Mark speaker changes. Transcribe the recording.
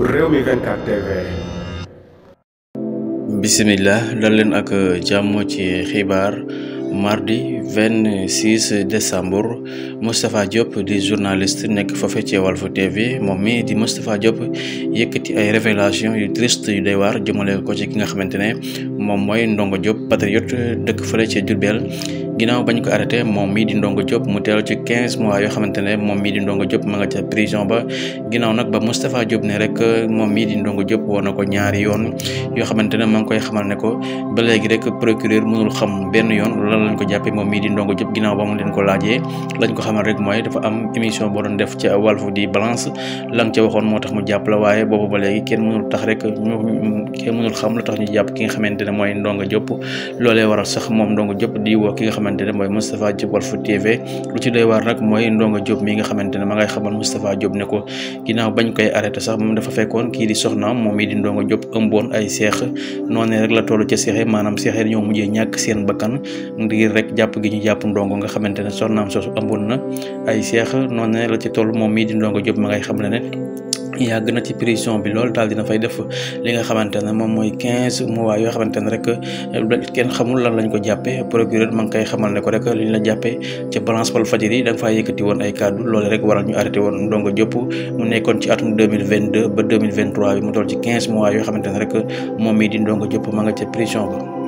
Speaker 1: Rewmi 24 TV.
Speaker 2: bisimilah leen ak jàmm ci xibaar mardi. 26 décembre Moustapha Diop di journaliste nekk foofe ci Walf TV moom mii di Moustapha Diop yëkkati ay révélation yu triste yu day waar jëmale ko ci ki nga xamante ne moom mooy Ndongo Diop patriote dëkk fële ci Diourbel ginnaaw bañ ko arrêté moom mi di Ndongo Diop mu teel ci quinze mois yoo xamante ne moom mi di Ndongo Diop ma nga ca prison ba ginnaaw nag ba Moustapha Diop ne rek moom mi di Ndongo Diop woo na ko ñaari yoon yoo xamante ne ma ngi koy xamal ne ko ba léegi rek procureur mënul xam benn yoon lan lañ ko jàppee moom mii di Ndongo Diop ginnaaw ba mu leen ko laajee lañ ko xamal rek mooy dafa am émission boo doon def ca Walf di balance la ca waxoon moo tax mu jàpp waaye boobu ba léegi kenn mënul tax rek ñu xam tax ñu jàpp ki nga xamante ne mooy Ndongo Diop loolee waral sax moom Ndongo Diop di woo ki nga xamante ne mooy Moustapha Diop Walf TV lu ci doy waar nag mooy Ndongo Diop mi nga xamante ne ma ngay xamal Moustapha Diop ne ko ginnaaw bañ koy arrêté sax moom dafa fekkoon kii di soxnaam moom mii di Ndongo Diop ëmboon ay seex noonu rek la tollu ca seex maanaam seex yi dañoo mujjee seen bakkan ngir rek jàpp jàpp gi ñu jàpp ndongo nga xamante ne soxnaam soosu amoon na ay seex noonu ne ci toll moom mii di ndongo Diop ma ngay xam ne ne yàgg na ci prison bi lool daal dina fay def li nga xamante ne moom mooy quinze mois yoo xamante ne rek kenn lan lañ ko jàppee procureur ma ngi koy ko rek liñ la jàppee ca balance wal fajar yi da nga faa yëkkati woon ay kàddu loolu rek waral ñu arrêté woon Ndongo Diop mois yoo xamante ne rek moom mii di Ndongo Diop ma nga ca prison ba